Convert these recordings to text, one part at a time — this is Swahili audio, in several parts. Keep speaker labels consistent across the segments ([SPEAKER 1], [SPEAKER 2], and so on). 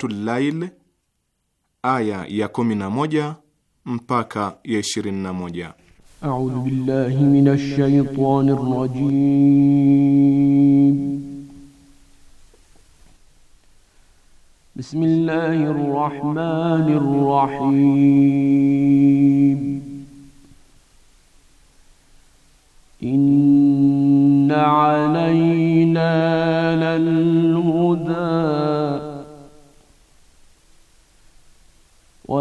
[SPEAKER 1] Salatul Lail
[SPEAKER 2] aya ya kumi na moja mpaka ya ishirini na moja.
[SPEAKER 3] A'udhu billahi minash shaitani rajim. Bismillahir rahmanir rahim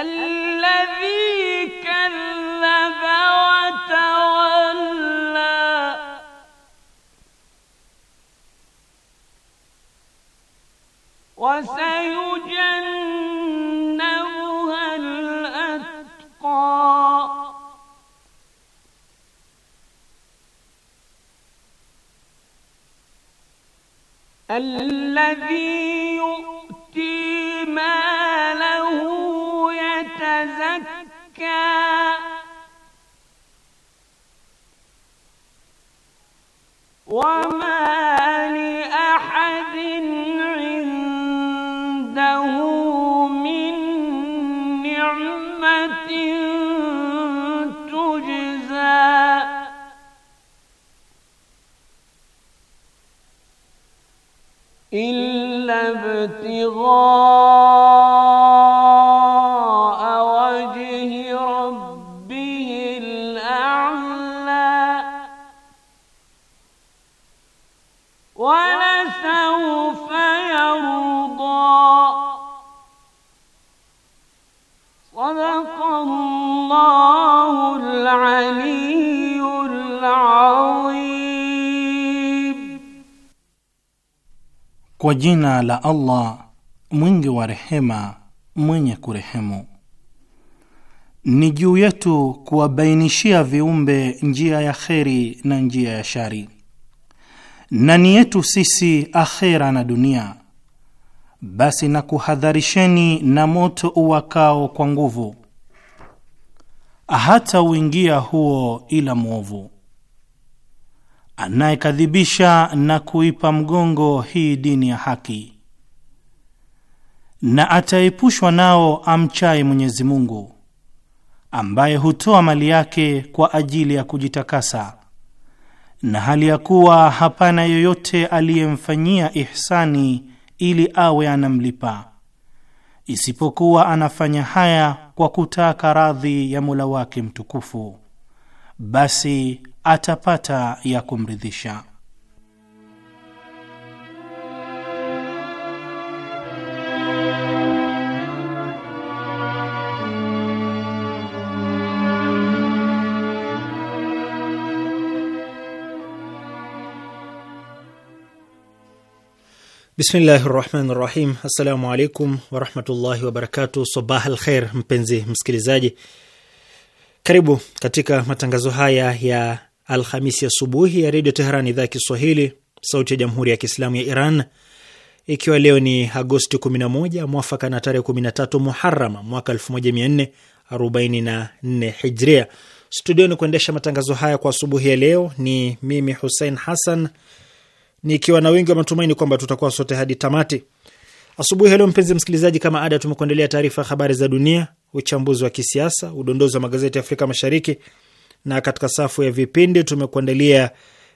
[SPEAKER 3] الذي كذب وتولى وسيجنبها الأتقى الذي وما لأحد عنده من نعمة تجزى إلا ابتغاء Kwa
[SPEAKER 4] jina la Allah mwingi wa rehema mwenye kurehemu. Ni juu yetu kuwabainishia viumbe njia ya kheri na njia ya shari, na ni yetu sisi akhera na dunia basi na kuhadharisheni na moto uwakao kwa nguvu, hata uingia huo ila mwovu anayekadhibisha na kuipa mgongo hii dini ya haki, na ataepushwa nao amchaye Mwenyezi Mungu, ambaye hutoa mali yake kwa ajili ya kujitakasa, na hali ya kuwa hapana yoyote aliyemfanyia ihsani ili awe anamlipa, isipokuwa anafanya haya kwa kutaka radhi ya Mola wake mtukufu, basi atapata ya kumridhisha.
[SPEAKER 5] Bismillahi rahmani rahim. Assalamu alaikum warahmatullahi wabarakatu. Sabah al kheir, mpenzi msikilizaji, karibu katika matangazo haya ya Alhamisi asubuhi ya, Redio Teheran, idhaa ya Kiswahili, sauti ya Jamhuri ya Kiislamu ya Iran, ikiwa leo ni Agosti 11 mwafaka na tarehe 13 Muharram mwaka 1444 Hijria. Studioni kuendesha matangazo haya kwa asubuhi ya leo ni mimi Husein Hassan nikiwa na wingi wa matumaini kwamba tutakuwa sote hadi tamati asubuhi ya leo. Mpenzi msikilizaji, kama ada, tumekuandalia taarifa ya habari za dunia, uchambuzi wa kisiasa, udondozi wa magazeti ya Afrika Mashariki, na katika safu ya vipindi tumekuandalia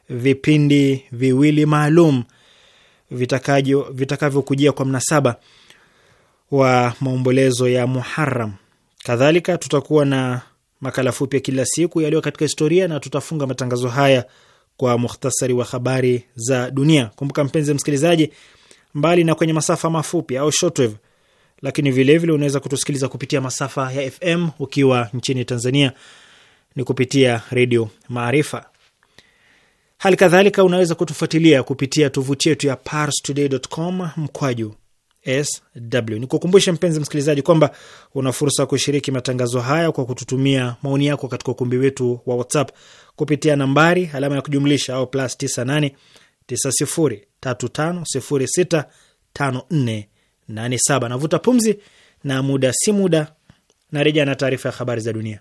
[SPEAKER 5] vipindi viwili maalum vitakavyokujia kwa mnasaba wa maombolezo ya Muharam. Kadhalika tutakuwa na makala fupi ya kila siku yaliyo katika historia na tutafunga matangazo haya kwa muhtasari wa habari za dunia. Kumbuka mpenzi msikilizaji, mbali na kwenye masafa mafupi au shortwave, lakini vilevile unaweza kutusikiliza kupitia masafa ya FM ukiwa nchini Tanzania ni kupitia Redio Maarifa. Hali kadhalika unaweza kutufuatilia kupitia tovuti yetu ya parstoday.com mkwaju sw. Ni kukumbushe mpenzi msikilizaji kwamba una fursa ya kushiriki matangazo haya kwa kututumia maoni yako katika ukumbi wetu wa WhatsApp kupitia nambari alama ya kujumlisha au plus 98 9035065487. Navuta pumzi na muda si muda na na taarifa ya habari za dunia.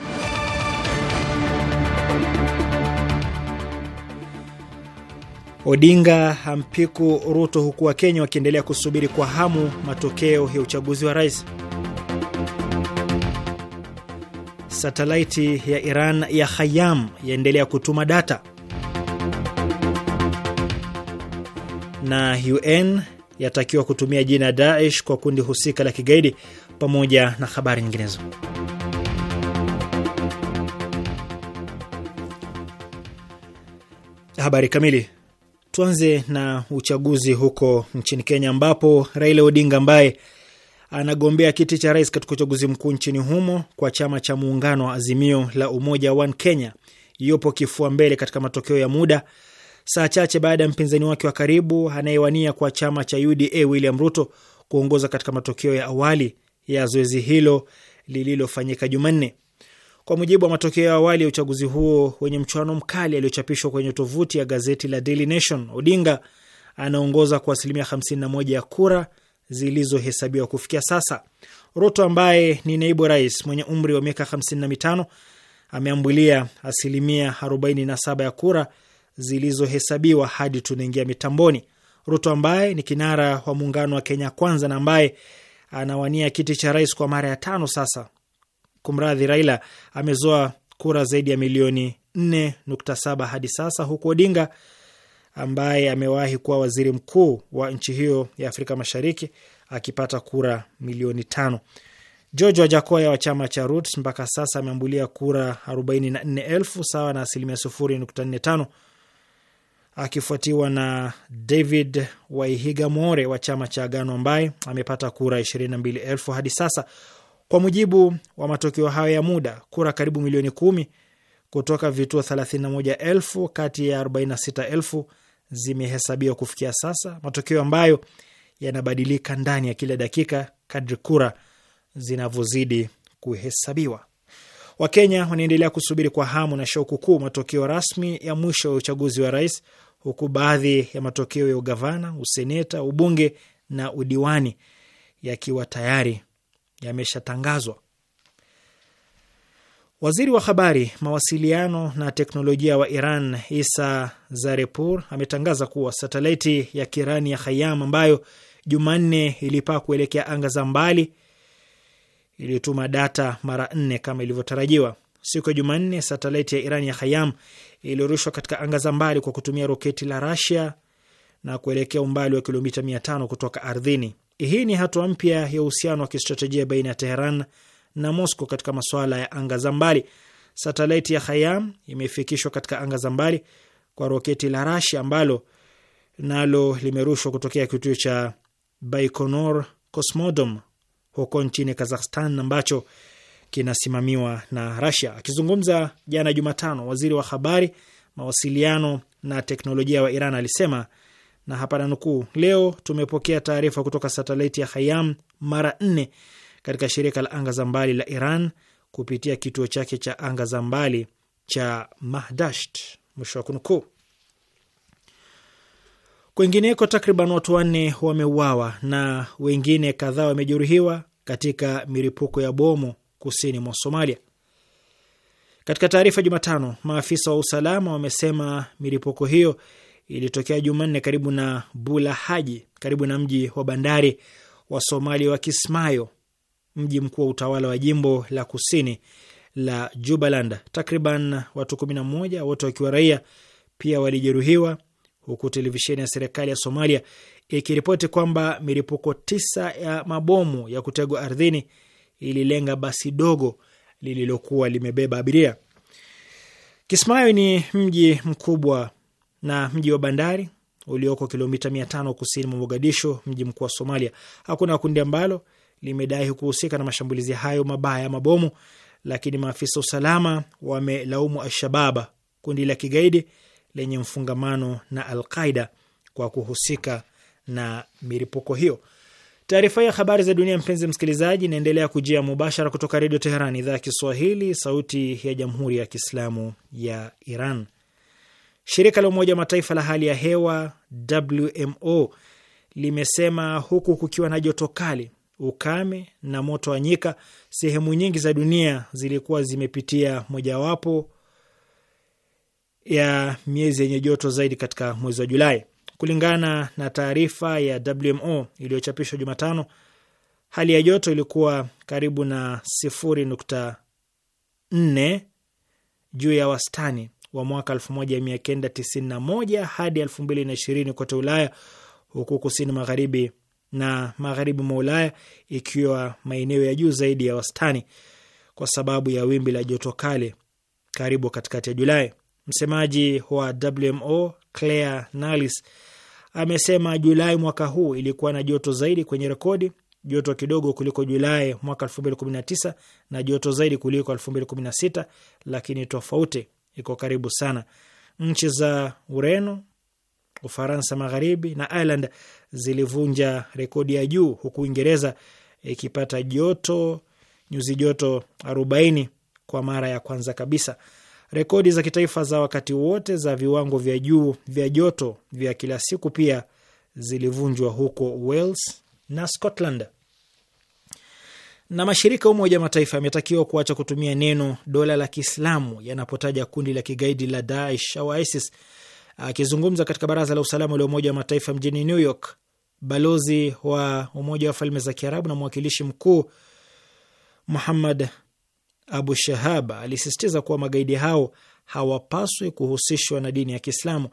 [SPEAKER 5] Odinga hampiku Ruto, huku Wakenya wakiendelea kusubiri kwa hamu matokeo ya uchaguzi wa rais. Satelaiti ya Iran ya Khayam yaendelea kutuma data, na UN yatakiwa kutumia jina Daesh kwa kundi husika la kigaidi, pamoja na habari nyinginezo. Habari kamili Tuanze na uchaguzi huko nchini Kenya, ambapo Raila Odinga ambaye anagombea kiti cha rais katika uchaguzi mkuu nchini humo kwa chama cha muungano wa Azimio la Umoja One Kenya yupo kifua mbele katika matokeo ya muda, saa chache baada ya mpinzani wake wa karibu anayewania kwa chama cha UDA William Ruto kuongoza katika matokeo ya awali ya zoezi hilo lililofanyika Jumanne. Kwa mujibu wa matokeo ya awali ya uchaguzi huo wenye mchuano mkali aliochapishwa kwenye tovuti ya gazeti la Daily Nation, Odinga anaongoza kwa asilimia 51 ya kura zilizohesabiwa kufikia sasa. Ruto ambaye ni naibu rais mwenye umri wa miaka 55 ameambulia asilimia 47 ya kura zilizohesabiwa hadi tunaingia mitamboni. Ruto ambaye ni kinara wa muungano wa Kenya Kwanza na ambaye anawania kiti cha rais kwa mara ya tano sasa kumradhi, Raila amezoa kura zaidi ya milioni 4.7 hadi sasa, huku Odinga ambaye amewahi kuwa waziri mkuu wa nchi hiyo ya Afrika Mashariki akipata kura milioni tano. George Wajakoya wa chama cha Rut mpaka sasa ameambulia kura 44,000 sawa na asilimia 0.45, akifuatiwa na David Waihiga More wa chama cha Agano ambaye amepata kura 22,000 hadi sasa, kwa mujibu wa matokeo hayo ya muda, kura karibu milioni kumi kutoka vituo 31,000 kati ya 46,000 zimehesabiwa kufikia sasa, matokeo ambayo yanabadilika ndani ya kila dakika kadri kura zinavyozidi kuhesabiwa. Wakenya wanaendelea kusubiri kwa hamu na shauku kuu matokeo rasmi ya mwisho ya uchaguzi wa rais, huku baadhi ya matokeo ya ugavana, useneta, ubunge na udiwani yakiwa tayari yameshatangazwa. Waziri wa habari, mawasiliano na teknolojia wa Iran Isa Zarepur ametangaza kuwa satelaiti ya Kirani ya Khayam ambayo Jumanne ilipaa kuelekea anga za mbali ilituma data mara nne kama ilivyotarajiwa. Siku ya Jumanne, satelaiti ya Iran ya Khayam iliorushwa katika anga za mbali kwa kutumia roketi la Rasia na kuelekea umbali wa kilomita mia tano kutoka ardhini. Hii ni hatua mpya ya uhusiano wa kistratejia baina ya Teheran na Moscow katika masuala ya anga za mbali. Satelaiti ya Khayam imefikishwa katika anga za mbali kwa roketi la Rasia ambalo nalo limerushwa kutokea kituo cha Baikonur Cosmodrome huko nchini Kazakhstan ambacho kinasimamiwa na Rasia. Akizungumza jana Jumatano, waziri wa habari, mawasiliano na teknolojia wa Iran alisema na hapa nukuu, leo tumepokea taarifa kutoka satelaiti ya Hayam mara nne katika shirika la anga za mbali la Iran kupitia kituo chake cha anga za mbali cha Mahdasht, mwisho wa kunukuu. Kwengineko, takriban watu wanne wameuawa na wengine kadhaa wamejeruhiwa katika miripuko ya bomu kusini mwa Somalia. Katika taarifa Jumatano, maafisa wa usalama wamesema miripuko hiyo ilitokea Jumanne karibu na Bula Haji, karibu na mji wa bandari wa Somalia wa Kismayo, mji mkuu wa utawala wa jimbo la kusini la Jubaland. Takriban watu kumi na moja, wote wakiwa raia, pia walijeruhiwa, huku televisheni ya serikali ya Somalia ikiripoti kwamba milipuko tisa ya mabomu ya kutegwa ardhini ililenga basi dogo lililokuwa limebeba abiria. Kismayo ni mji mkubwa na mji wa bandari ulioko kilomita mia tano kusini mwa Mogadisho, mji mkuu wa Somalia. Hakuna kundi ambalo limedai kuhusika na mashambulizi hayo mabaya ya mabomu, lakini maafisa usalama wamelaumu Alshababa, kundi la kigaidi lenye mfungamano na Alqaida, kwa kuhusika na miripuko hiyo. Taarifa ya habari za dunia, mpenzi msikilizaji, inaendelea kujia mubashara kutoka Redio Teheran, idhaa ya Kiswahili, sauti ya jamhuri ya kiislamu ya Iran. Shirika la Umoja wa Mataifa la hali ya hewa WMO limesema huku kukiwa na joto kali, ukame na moto wa nyika, sehemu nyingi za dunia zilikuwa zimepitia mojawapo ya miezi yenye joto zaidi katika mwezi wa Julai. Kulingana na taarifa ya WMO iliyochapishwa Jumatano, hali ya joto ilikuwa karibu na sifuri nukta nne juu ya wastani wa mwaka 1991 hadi 2020 kote Ulaya, huku kusini magharibi na magharibi mwa Ulaya ikiwa maeneo ya juu zaidi ya wastani kwa sababu ya wimbi la joto kali karibu katikati ya Julai. Msemaji wa WMO Claire Nalis amesema Julai mwaka huu ilikuwa na joto zaidi kwenye rekodi, joto kidogo kuliko Julai mwaka 2019 na joto zaidi kuliko 2016, lakini tofauti iko karibu sana. Nchi za Ureno, Ufaransa Magharibi na Ireland zilivunja rekodi ya juu, huku Uingereza ikipata joto nyuzi joto 40 kwa mara ya kwanza kabisa. Rekodi za kitaifa za wakati wote za viwango vya juu vya joto vya kila siku pia zilivunjwa huko Wales na Scotland na mashirika ya Umoja Mataifa yametakiwa kuacha kutumia neno dola la Kiislamu yanapotaja kundi la kigaidi la Daesh au ISIS. Akizungumza katika Baraza la Usalama la Umoja wa Mataifa mjini New York, balozi wa Umoja wa Falme za Kiarabu na mwakilishi mkuu Muhammad Abu Shahab alisisitiza kuwa magaidi hao hawapaswi kuhusishwa na dini ya Kiislamu.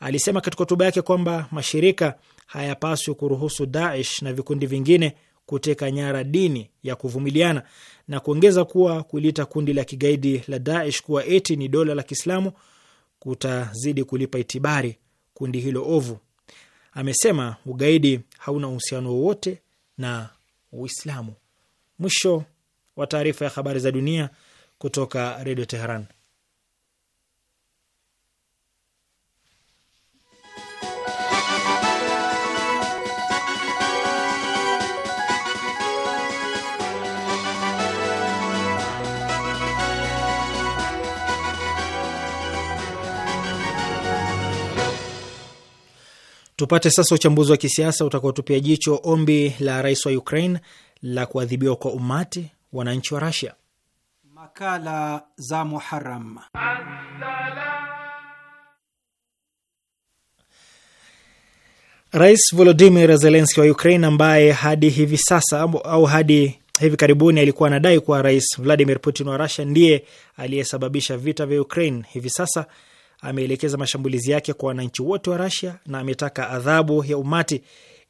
[SPEAKER 5] Alisema katika hotuba yake kwamba mashirika hayapaswi kuruhusu Daesh na vikundi vingine kuteka nyara dini ya kuvumiliana na kuongeza kuwa kuliita kundi la kigaidi la Daesh kuwa eti ni dola la Kiislamu kutazidi kulipa itibari kundi hilo ovu. Amesema ugaidi hauna uhusiano wowote na Uislamu. Mwisho wa taarifa ya habari za dunia kutoka Redio Teheran. Tupate sasa uchambuzi wa kisiasa utakaotupia jicho ombi la rais wa Ukraine la kuadhibiwa kwa umati wananchi wa Rasia.
[SPEAKER 1] Makala za Muharam.
[SPEAKER 5] Rais Volodimir Zelenski wa Ukraine, ambaye hadi hivi sasa au hadi hivi karibuni alikuwa anadai kuwa Rais Vladimir Putin wa russia ndiye aliyesababisha vita vya Ukraine, hivi sasa ameelekeza mashambulizi yake kwa wananchi wote wa Rasia na ametaka adhabu ya umati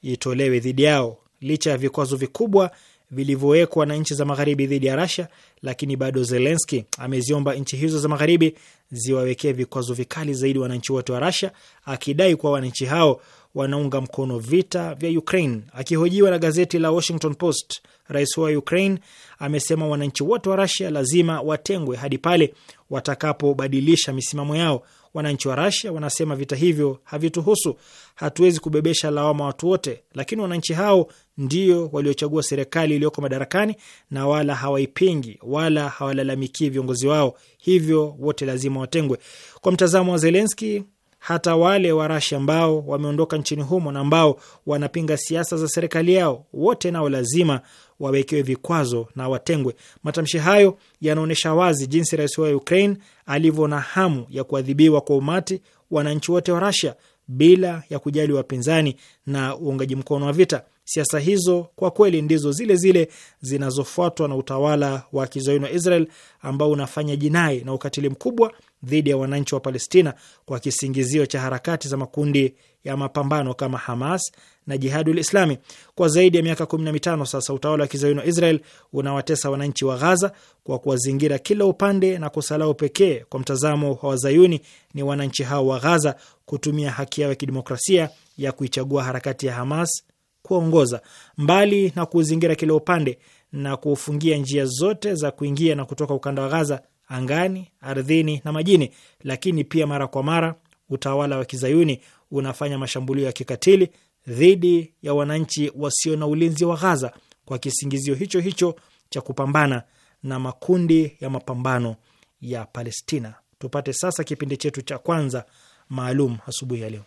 [SPEAKER 5] itolewe dhidi yao. Licha ya vikwazo vikubwa vilivyowekwa na nchi za magharibi dhidi ya Rasia, lakini bado Zelenski ameziomba nchi hizo za magharibi ziwawekee vikwazo vikali zaidi wananchi wote wa Rasia, akidai kuwa wananchi hao wanaunga mkono vita vya Ukraine. Akihojiwa na gazeti la Washington Post, rais wa Ukraine amesema wananchi wote wa Rasia lazima watengwe hadi pale watakapobadilisha misimamo yao. Wananchi wa Rasia wanasema vita hivyo havituhusu, hatuwezi kubebesha lawama watu wote, lakini wananchi hao ndio waliochagua serikali iliyoko madarakani na wala hawaipingi wala hawalalamikii viongozi wao, hivyo wote lazima watengwe. Kwa mtazamo wa Zelenski, hata wale wa Rasia ambao wameondoka nchini humo na ambao wanapinga siasa za serikali yao, wote nao lazima wawekewe vikwazo na watengwe. Matamshi hayo yanaonyesha wazi jinsi rais wa Ukraine alivyo na hamu ya kuadhibiwa kwa umati wananchi wote wa Russia bila ya kujali wapinzani na uungaji mkono wa vita. Siasa hizo kwa kweli ndizo zile zile zinazofuatwa na utawala wa kizayuni wa Israel ambao unafanya jinai na ukatili mkubwa dhidi ya wananchi wa Palestina kwa kisingizio cha harakati za makundi ya mapambano kama Hamas na Jihadul Islami. Kwa zaidi ya miaka 15 sasa, utawala wa kizayuni wa Israel unawatesa wananchi wa Ghaza kwa kuwazingira kila upande, na kusalau pekee kwa mtazamo wa wazayuni ni wananchi hao wa Ghaza kutumia haki yao ya kidemokrasia ya kuichagua harakati ya Hamas kuwaongoza. Mbali na kuuzingira kila upande na kuufungia njia zote za kuingia na kutoka ukanda wa Ghaza, angani, ardhini na majini, lakini pia mara kwa mara utawala wa kizayuni unafanya mashambulio ya kikatili dhidi ya wananchi wasio na ulinzi wa Ghaza kwa kisingizio hicho hicho cha kupambana na makundi ya mapambano ya Palestina. Tupate sasa kipindi chetu cha kwanza maalum asubuhi ya leo.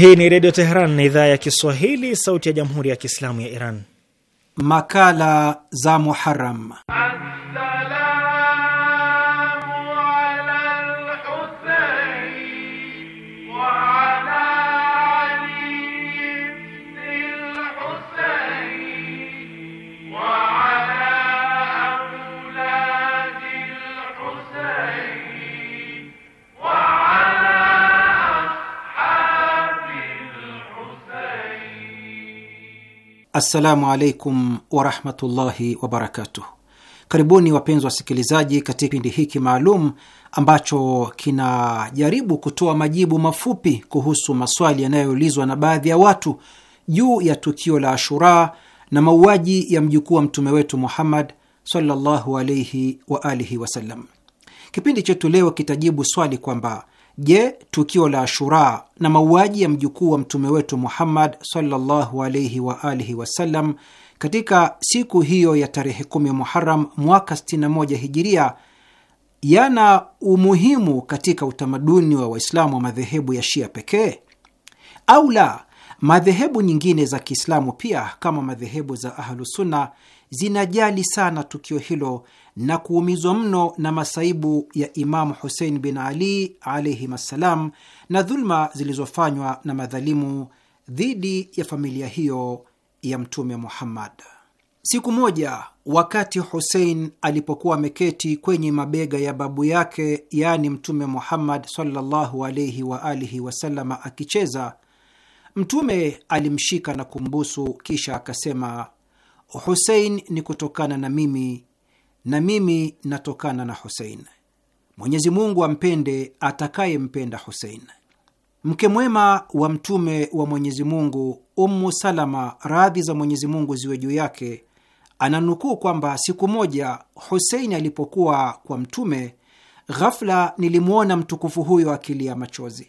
[SPEAKER 5] Hii ni Redio Teheran na idhaa ya Kiswahili, sauti ya Jamhuri ya Kiislamu
[SPEAKER 1] ya Iran. Makala za muharam Assalamu alaikum warahmatullahi wabarakatuh. Karibuni wapenzi wasikilizaji, katika kipindi hiki maalum ambacho kinajaribu kutoa majibu mafupi kuhusu maswali yanayoulizwa na baadhi ya watu juu ya tukio la Ashura na mauaji ya mjukuu wa mtume wetu Muhammad sallallahu alaihi wa alihi wasallam. Kipindi chetu leo kitajibu swali kwamba Je, tukio la Ashura na mauaji ya mjukuu wa mtume wetu Muhammad sallallahu alaihi wa alihi wasallam katika siku hiyo ya tarehe kumi Muharam mwaka 61 hijiria yana umuhimu katika utamaduni wa Waislamu wa madhehebu ya Shia pekee au la? Madhehebu nyingine za Kiislamu pia kama madhehebu za Ahlusunna zinajali sana tukio hilo na kuumizwa mno na masaibu ya Imamu Husein bin Ali alaihim assalam na dhuluma zilizofanywa na madhalimu dhidi ya familia hiyo ya Mtume Muhammad. Siku moja wakati Husein alipokuwa ameketi kwenye mabega ya babu yake, yaani Mtume Muhammad sallallahu alaihi wa alihi akicheza, Mtume alimshika na kumbusu, kisha akasema Husein ni kutokana na mimi na mimi natokana na Husein. Mwenyezi Mungu ampende atakayempenda Husein. Mke mwema wa Mtume wa Mwenyezi Mungu, Ummu Salama, radhi za Mwenyezi Mungu ziwe juu yake, ananukuu kwamba siku moja Husein alipokuwa kwa Mtume, ghafla nilimwona mtukufu huyo akilia machozi.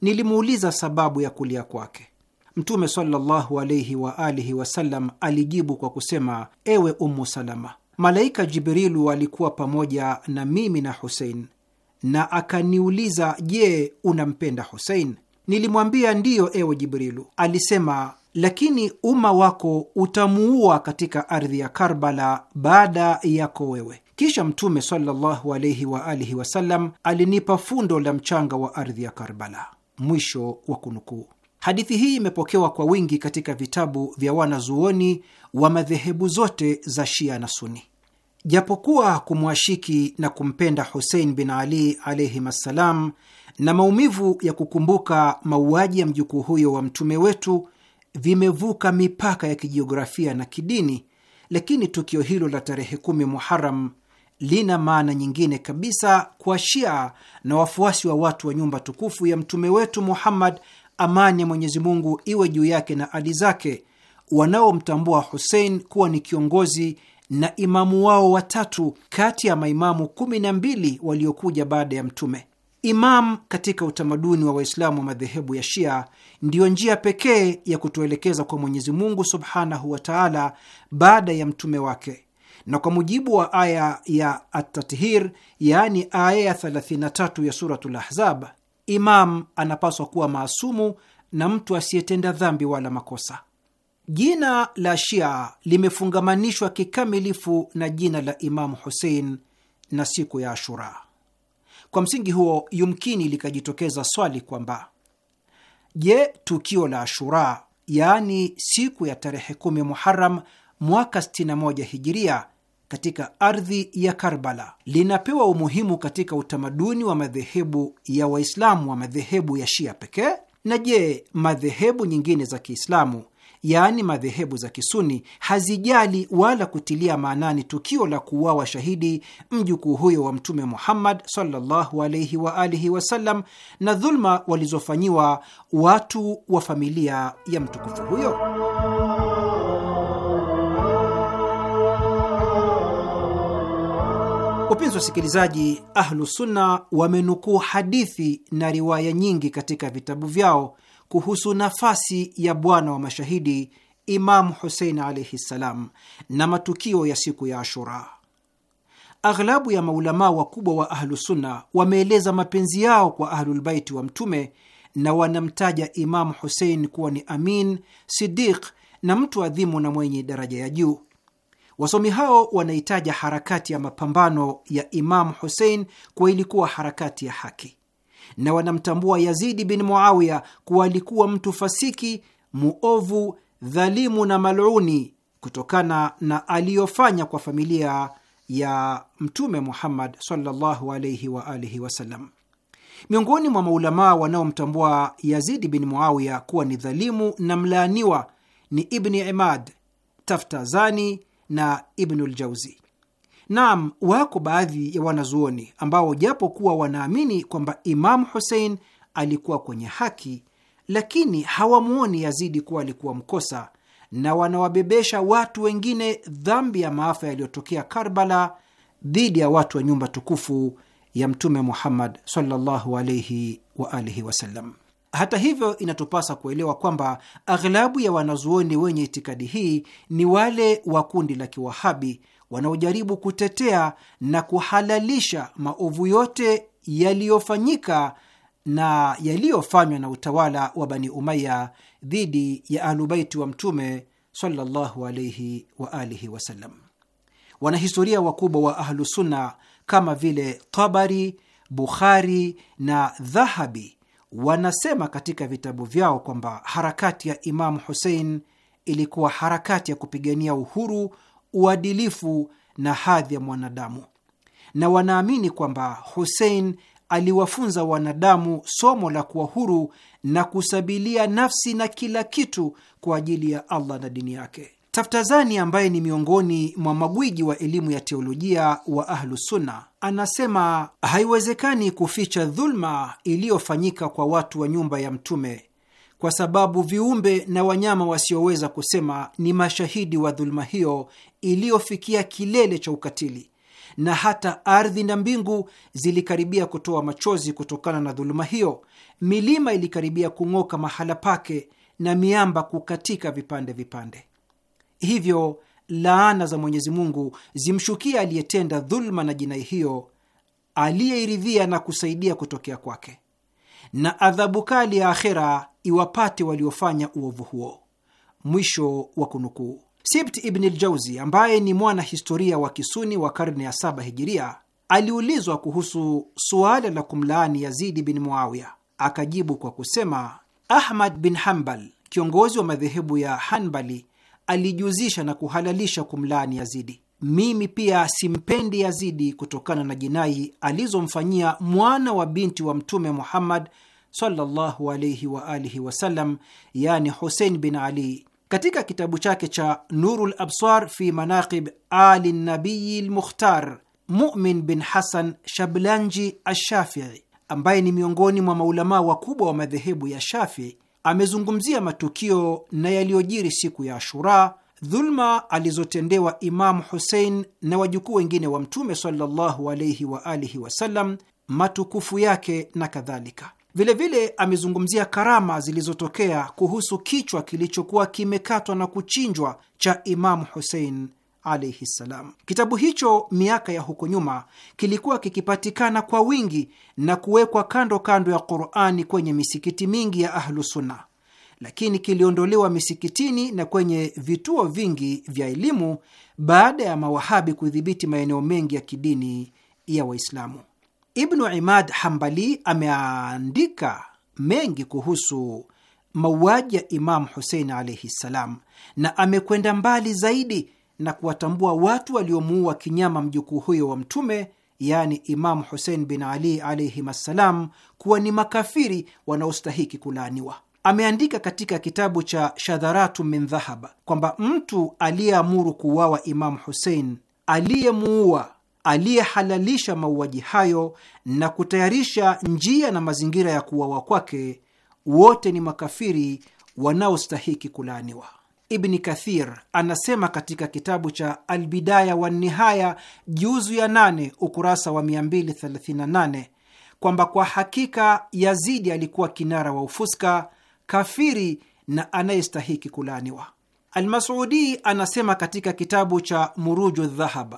[SPEAKER 1] Nilimuuliza sababu ya kulia kwake. Mtume sallallahu wa alihi wasallam alijibu kwa kusema, ewe umu Salama, malaika Jibrilu alikuwa pamoja na mimi na Husein na akaniuliza, je, unampenda Husein? Nilimwambia ndiyo, ewe Jibrilu. Alisema, lakini umma wako utamuua katika ardhi ya Karbala baada yako wewe. Kisha Mtume sallallahu wa alihi wasallam alinipa fundo la mchanga wa ardhi ya Karbala. Mwisho wa kunukuu. Hadithi hii imepokewa kwa wingi katika vitabu vya wanazuoni wa madhehebu zote za Shia na Suni. Japokuwa kumwashiki na kumpenda Husein bin Ali alaihim assalam na maumivu ya kukumbuka mauaji ya mjukuu huyo wa mtume wetu vimevuka mipaka ya kijiografia na kidini, lakini tukio hilo la tarehe kumi Muharam lina maana nyingine kabisa kwa Shia na wafuasi wa watu wa nyumba tukufu ya mtume wetu Muhammad amani ya Mwenyezi Mungu iwe juu yake na ali zake, wanaomtambua Husein kuwa ni kiongozi na imamu wao watatu kati ya maimamu kumi na mbili waliokuja baada ya Mtume. Imam katika utamaduni wa Waislamu wa madhehebu ya Shia ndiyo njia pekee ya kutuelekeza kwa Mwenyezi Mungu subhanahu wa taala baada ya mtume wake, na kwa mujibu wa aya ya Atathir, yaani aya ya 33 ya Suratul Ahzab, Imam anapaswa kuwa maasumu na mtu asiyetenda dhambi wala makosa. Jina la Shia limefungamanishwa kikamilifu na jina la Imamu Husein na siku ya Ashura. Kwa msingi huo, yumkini likajitokeza swali kwamba je, tukio la Ashura, yaani siku ya tarehe kumi Muharam mwaka 61 hijiria katika ardhi ya Karbala linapewa umuhimu katika utamaduni wa madhehebu ya Waislamu wa madhehebu ya Shia pekee? Na je, madhehebu nyingine za Kiislamu yaani madhehebu za Kisuni hazijali wala kutilia maanani tukio la kuuawa shahidi mjukuu huyo wa Mtume Muhammad sallallahu alaihi wa alihi wasallam na dhulma walizofanyiwa watu wa familia ya mtukufu huyo? Wapenzi wasikilizaji, Ahlusunna wamenukuu hadithi na riwaya nyingi katika vitabu vyao kuhusu nafasi ya bwana wa mashahidi Imamu Husein alaihi ssalam na matukio ya siku ya Ashura. Aghlabu ya maulamaa wakubwa wa Ahlusunna wameeleza mapenzi yao kwa Ahlulbaiti wa Mtume na wanamtaja Imamu Husein kuwa ni amin, sidiq na mtu adhimu na mwenye daraja ya juu. Wasomi hao wanaitaja harakati ya mapambano ya Imamu Husein kuwa ilikuwa harakati ya haki, na wanamtambua Yazidi bin Muawiya kuwa alikuwa mtu fasiki, muovu, dhalimu na maluni kutokana na aliyofanya kwa familia ya Mtume Muhammad sallallahu alaihi wa alihi wasallam. Miongoni mwa maulamaa wanaomtambua Yazidi bin Muawiya kuwa ni dhalimu na mlaaniwa ni Ibni Imad, Taftazani, na Ibnul Jauzi. Naam, wako baadhi ya wanazuoni ambao japo kuwa wanaamini kwamba Imamu Husein alikuwa kwenye haki, lakini hawamuoni Yazidi kuwa alikuwa mkosa, na wanawabebesha watu wengine dhambi ya maafa yaliyotokea Karbala dhidi ya watu wa nyumba tukufu ya Mtume Muhammad sallallahu alaihi wa alihi wasallam. Hata hivyo, inatupasa kuelewa kwamba aghlabu ya wanazuoni wenye itikadi hii ni wale wa kundi la Kiwahabi wanaojaribu kutetea na kuhalalisha maovu yote yaliyofanyika na yaliyofanywa na utawala wa Bani Umaya dhidi ya Ahlubaiti wa Mtume sallallahu alaihi wa alihi wasallam. Wanahistoria wakubwa wa Ahlusunna kama vile Tabari, Bukhari na Dhahabi wanasema katika vitabu vyao kwamba harakati ya Imamu Husein ilikuwa harakati ya kupigania uhuru, uadilifu na hadhi ya mwanadamu, na wanaamini kwamba Husein aliwafunza wanadamu somo la kuwa huru na kusabilia nafsi na kila kitu kwa ajili ya Allah na dini yake. Taftazani ambaye ni miongoni mwa magwiji wa elimu ya teolojia wa Ahlusunna anasema haiwezekani kuficha dhulma iliyofanyika kwa watu wa nyumba ya Mtume, kwa sababu viumbe na wanyama wasioweza kusema ni mashahidi wa dhuluma hiyo iliyofikia kilele cha ukatili, na hata ardhi na mbingu zilikaribia kutoa machozi kutokana na dhuluma hiyo. Milima ilikaribia kung'oka mahala pake na miamba kukatika vipande vipande. Hivyo laana za Mwenyezi Mungu zimshukia aliyetenda dhuluma na jinai hiyo, aliyeiridhia na kusaidia kutokea kwake, na adhabu kali ya akhera iwapate waliofanya uovu huo. Mwisho wa kunukuu. Sibt Ibn Ljauzi, ambaye ni mwana historia wa Kisuni wa karne ya saba hijiria, aliulizwa kuhusu suala la kumlaani Yazidi bin Muawiya, akajibu kwa kusema, Ahmad bin Hambal, kiongozi wa madhehebu ya Hanbali, alijuzisha na kuhalalisha kumlaani Yazidi. Mimi pia simpendi Yazidi kutokana na jinai alizomfanyia mwana wa binti wa Mtume Muhammad sallallahu alayhi wa alihi wasallam, yani Husein bin Ali. Katika kitabu chake cha Nurul Absar fi Manaqib Ali Nabiyi Lmukhtar, Mumin bin Hasan Shablanji Ashafii ambaye ni miongoni mwa maulamaa wakubwa wa madhehebu ya Shafii amezungumzia matukio na yaliyojiri siku ya Ashura, dhulma alizotendewa Imamu Husein na wajukuu wengine wa Mtume sallallahu alaihi wa alihi wasallam, matukufu yake na kadhalika. Vilevile amezungumzia karama zilizotokea kuhusu kichwa kilichokuwa kimekatwa na kuchinjwa cha Imamu Husein alaihi ssalam. Kitabu hicho miaka ya huko nyuma kilikuwa kikipatikana kwa wingi na kuwekwa kando kando ya Qurani kwenye misikiti mingi ya Ahlusunna, lakini kiliondolewa misikitini na kwenye vituo vingi vya elimu baada ya mawahabi kudhibiti maeneo mengi ya kidini ya Waislamu. Ibnu Imad Hambali ameandika mengi kuhusu mauaji ya Imamu Husein alaihi ssalam, na amekwenda mbali zaidi na kuwatambua watu waliomuua kinyama mjukuu huyo wa Mtume, yaani Imamu Husein bin Ali alaihim assalam, kuwa ni makafiri wanaostahiki kulaaniwa. Ameandika katika kitabu cha Shadharatu min Dhahaba kwamba mtu aliyeamuru kuuawa Imamu Husein, aliyemuua, aliyehalalisha mauaji hayo na kutayarisha njia na mazingira ya kuuawa kwake, wote ni makafiri wanaostahiki kulaaniwa. Ibni Kathir anasema katika kitabu cha Albidaya wa Nihaya juzu ya 8 ukurasa wa 238 kwamba kwa hakika Yazidi alikuwa kinara wa ufuska, kafiri na anayestahiki kulaaniwa. Almasudi anasema katika kitabu cha Muruju Dhahab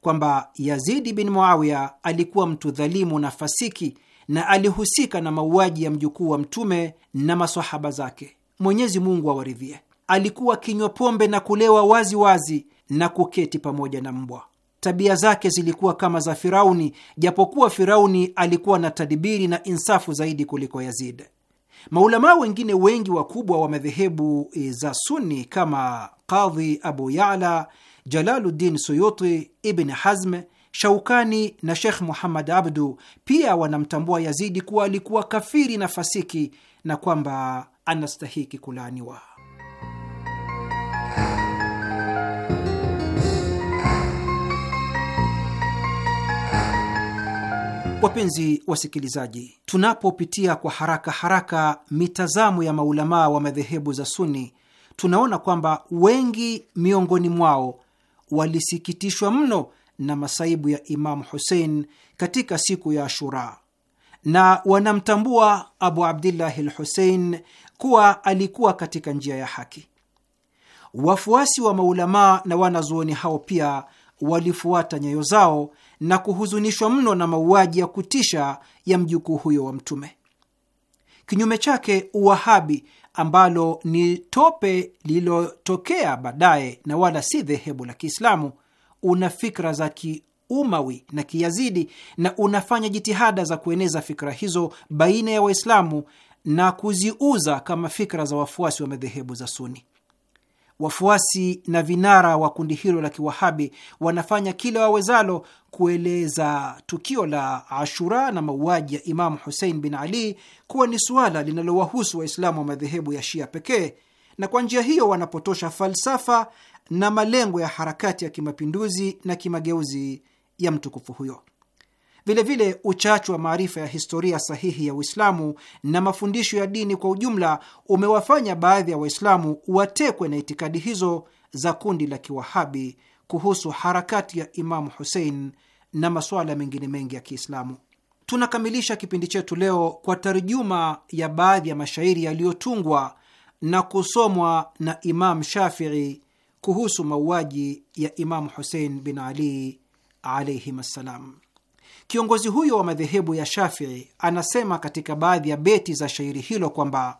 [SPEAKER 1] kwamba Yazidi bin Muawiya alikuwa mtu dhalimu na fasiki na alihusika na mauaji ya mjukuu wa Mtume na masahaba zake. Mwenyezi Mungu awaridhie alikuwa kinywa pombe na kulewa waziwazi wazi, na kuketi pamoja na mbwa. Tabia zake zilikuwa kama za Firauni, japokuwa Firauni alikuwa na tadibiri na insafu zaidi kuliko Yazid. Maulamaa wengine wengi wakubwa wa madhehebu e, za Sunni kama Qadhi Abu Yala, Jalaluddin Suyuti, Ibn Hazm, Shaukani na Shekh Muhammad Abdu pia wanamtambua Yazidi kuwa alikuwa kafiri na fasiki na kwamba anastahiki kulaaniwa. Wapenzi wasikilizaji, tunapopitia kwa haraka haraka mitazamo ya maulamaa wa madhehebu za suni tunaona kwamba wengi miongoni mwao walisikitishwa mno na masaibu ya Imamu Husein katika siku ya Ashura na wanamtambua Abu Abdillahi l Husein kuwa alikuwa katika njia ya haki. Wafuasi wa maulamaa na wanazuoni hao pia walifuata nyayo zao na kuhuzunishwa mno na mauaji ya kutisha ya mjukuu huyo wa Mtume. Kinyume chake, Uwahabi ambalo ni tope lililotokea baadaye na wala si dhehebu la Kiislamu, una fikra za Kiumawi na Kiyazidi na unafanya jitihada za kueneza fikra hizo baina ya Waislamu na kuziuza kama fikra za wafuasi wa madhehebu za Suni. Wafuasi na vinara wa kundi hilo la kiwahabi wanafanya kila wawezalo kueleza tukio la Ashura na mauaji ya Imamu Husein bin Ali kuwa ni suala linalowahusu Waislamu wa madhehebu ya Shia pekee, na kwa njia hiyo wanapotosha falsafa na malengo ya harakati ya kimapinduzi na kimageuzi ya mtukufu huyo. Vilevile vile uchachu wa maarifa ya historia sahihi ya Uislamu na mafundisho ya dini kwa ujumla umewafanya baadhi ya Waislamu watekwe na itikadi hizo za kundi la Kiwahabi kuhusu harakati ya Imamu Husein na masuala mengine mengi ya Kiislamu. Tunakamilisha kipindi chetu leo kwa tarjuma ya baadhi ya mashairi yaliyotungwa na kusomwa na Imam Shafii kuhusu mauaji ya Imamu Husein bin Ali alaihim assalam. Kiongozi huyo wa madhehebu ya Shafii anasema katika baadhi ya beti za shairi hilo kwamba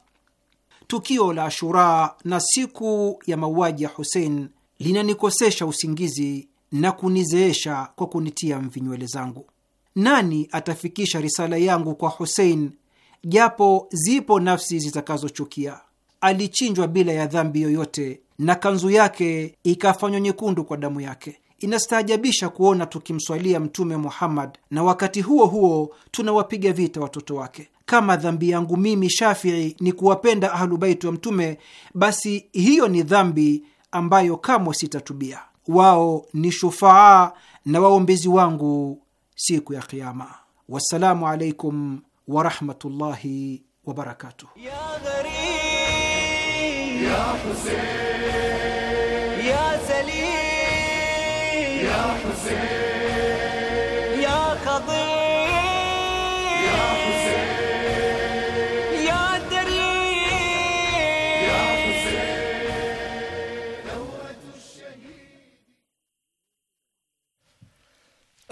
[SPEAKER 1] tukio la Ashura na siku ya mauaji ya Husein linanikosesha usingizi na kunizeesha kwa kunitia mvinywele zangu. Nani atafikisha risala yangu kwa Husein, japo zipo nafsi zitakazochukia? Alichinjwa bila ya dhambi yoyote, na kanzu yake ikafanywa nyekundu kwa damu yake. Inastaajabisha kuona tukimswalia Mtume Muhammad na wakati huo huo tunawapiga vita watoto wake. Kama dhambi yangu mimi Shafii ni kuwapenda Ahlubaiti wa Mtume, basi hiyo ni dhambi ambayo kamwe sitatubia. Wao ni shufaa na waombezi wangu siku ya Kiama. Wassalamu alaikum warahmatullahi wabarakatuh.